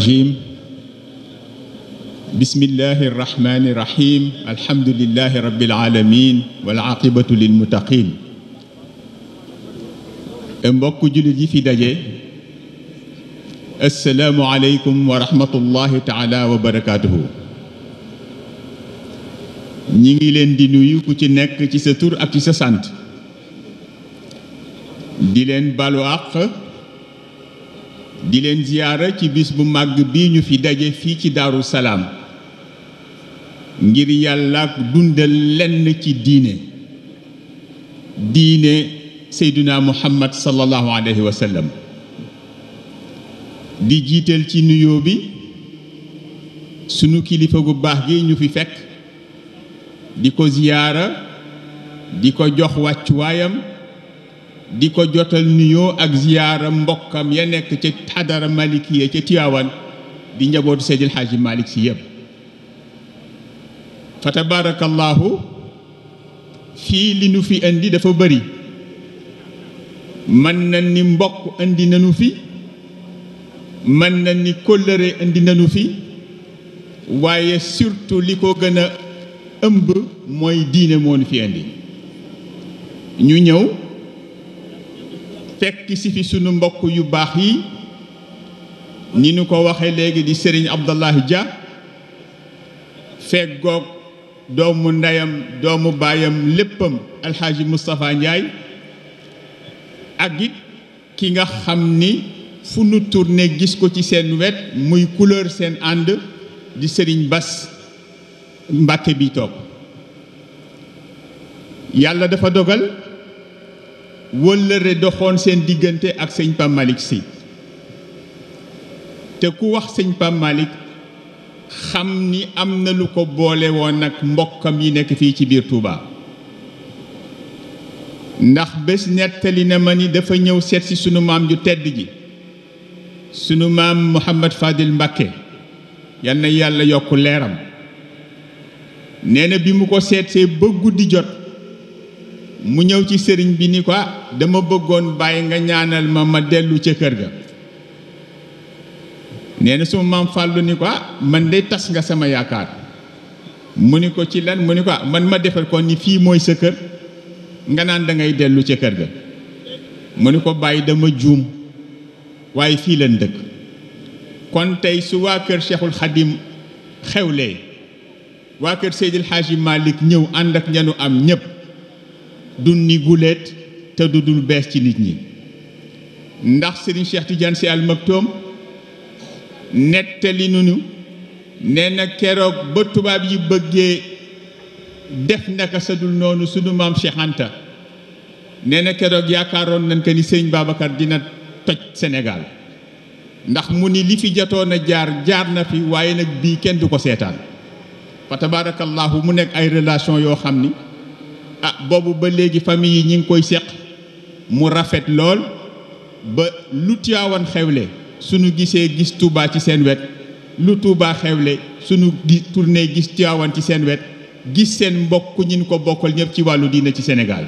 الرجيم بسم الله الرحمن الرحيم الحمد لله رب العالمين والعاقبة للمتقين mbokk jullit yi fi daje assalaamu aleykum wa rahmatullahi taala wa barakaatuhu ñi ngi leen di nuyu ku ci nekk ci sa tur ak ci sa sant di leen balu àq di leen ziyaara ci bis bu màgg bi ñu fi daje fii ci Daaru Salaam ngir yàlla ak dundal lenn ci diine diine Seyduna Muhammad sallallahu alayhi wa di jiital ci nuyoo bi sunu kilifa gu baax gi ñu fi fekk di ko ziyaara di ko jox wàccuwaayam di ko jotal nuyoo ak ziyaara mbokkam ya nekk ca xadara malikiya ca Tiwaawan di njabootu Seydil Haaji Malick si yëpp fa tabaarakallaahu fii li nu fi indi dafa bari mën na ni mbokk indi nanu fi mën na ni kóllëre indi nanu fi waaye surtout li ko gën a ëmb mooy diine moo fi indi ñu ñëw fekk si fi sunu mbokk yu baax yi ni nu ko waxee léegi di sëriñ Abdallahi Dia fekk goog doomu ndeyam doomu baayam léppam alxaaji Moustapha Ndiaye ak it ki nga xam ni fu nu tourné gis ko ci seen wet muy couleur seen ànd di sëriñ Bas Mbàkke bi toog yàlla dafa dogal wëllëre doxoon seen diggante ak sëñ Pape Malick te ku wax sëñ Pape xam ni am na lu ko boole woon ak mbokkam yi nekk fii ci biir Touba ndax bés nettali na ma ni dafa ñëw seet si sunu maam ju tedd ji sunu maam Mouhamad Fadil Mbakke yal yàlla yokk leeram nee na bi mu ko seetsee ba guddi jot mu ñëw ci sëriñ bi ni ko ah, dama bëggoon bàyyi nga ñaanal ma ma dellu ca kër ga nee na suma maam fàllu ni ko ah, man day tas nga sama yaakaar mu ni ko ci lan mu ni ko ah, man ma defal ko ni fii mooy sa kër nga naan da ngay dellu ca kër ga mu ni ko bàyyi dama juum waaye fii lan dëkk kon tey su waa kër seexul Cheikhul Khadim xewlee waa kër Seydil Hadji Malick ñëw ànd ak ñanu am ñépp du ni guléet te du dul bees ci nit ñi ndax Serigne Cheikh Tidiane Sy Al Maktoum nettali nunu nee na keroog ba tubaab yi bëggee def naka sadul noonu sunu maam Cheikh Anta nee na keroog yaakaaroon nañ ko ni sëñ Babacar dina toj Sénégal ndax mu ni li fi jotoon a jaar jaar na fi waaye nag bii kenn du ko seetaan fa tabaarakallaahu mu nekk ay relation yoo xam ni ah boobu ba léegi famille yi ñu ngi koy seq mu rafet lool ba lu Tiwaawan xewle suñu gisee gis Touba ci seen wet lu Touba xewle suñu gi gis Tiwaawan ci seen wet gis seen mbokk ñin ko bokkal ñëpp ci wàllu diina ci senegal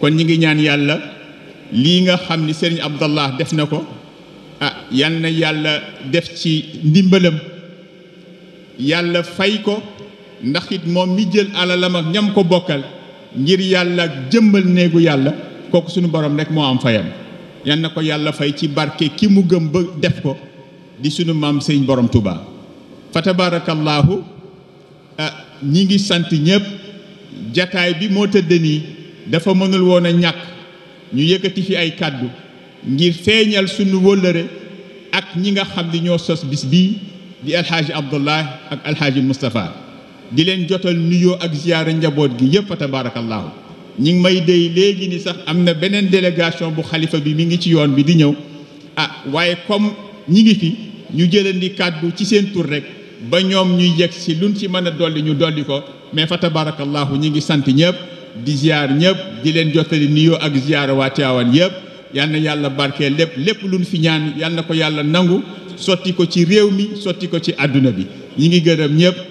kon ñu ngi ñaan yàlla lii nga xam ni Serigne Abdallah def na ko ah yal na yàlla def ci ndimbalam yàlla fay ko ndax moom mi jël alalam mag ñam ko bokkal ngir yàlla jëmbal néegu yàlla kooku sunu borom rek moo am fayam yan na ko yàlla fay ci barke ki mu gëm ba def ko di suñu maam sëñ borom Touba. fa tabaarakallaahu ah, ñi ngi sant ñëpp jataay bi moo tëdd nii dafa mënul woon a ñàkk ñu yëkkati fi ay kàddu ngir feeñal suñu wóllëre ak ñi nga xam ni ñoo sos bis bii di alxaaji Abdullah ak alxaaji Moustapha di leen jotal nuyoo ak ziyaara njaboot gi yépp tabaarakallaahu ñi ngi may dey léegi ni sax am na beneen délégation bu xalifa bi mi ngi ci yoon bi di ñëw ah waaye comme ñi ngi fi ñu jëlandi kàddu ci seen tur rekk ba ñoom ñuy yegg si luñ ci mën a dolli ñu dolli ko mais fa tabaarakallaahu ñi ngi sant ñëpp di ziyaar ñëpp di leen jottali nuyoo ak ziyaara waa Tiwaawan yëpp yal na yàlla barkeel lépp lépp luñ fi ñaan yal na ko yàlla nangu sotti ko ci réew mi sotti ko ci àdduna bi ñi ngi gërëm ñëpp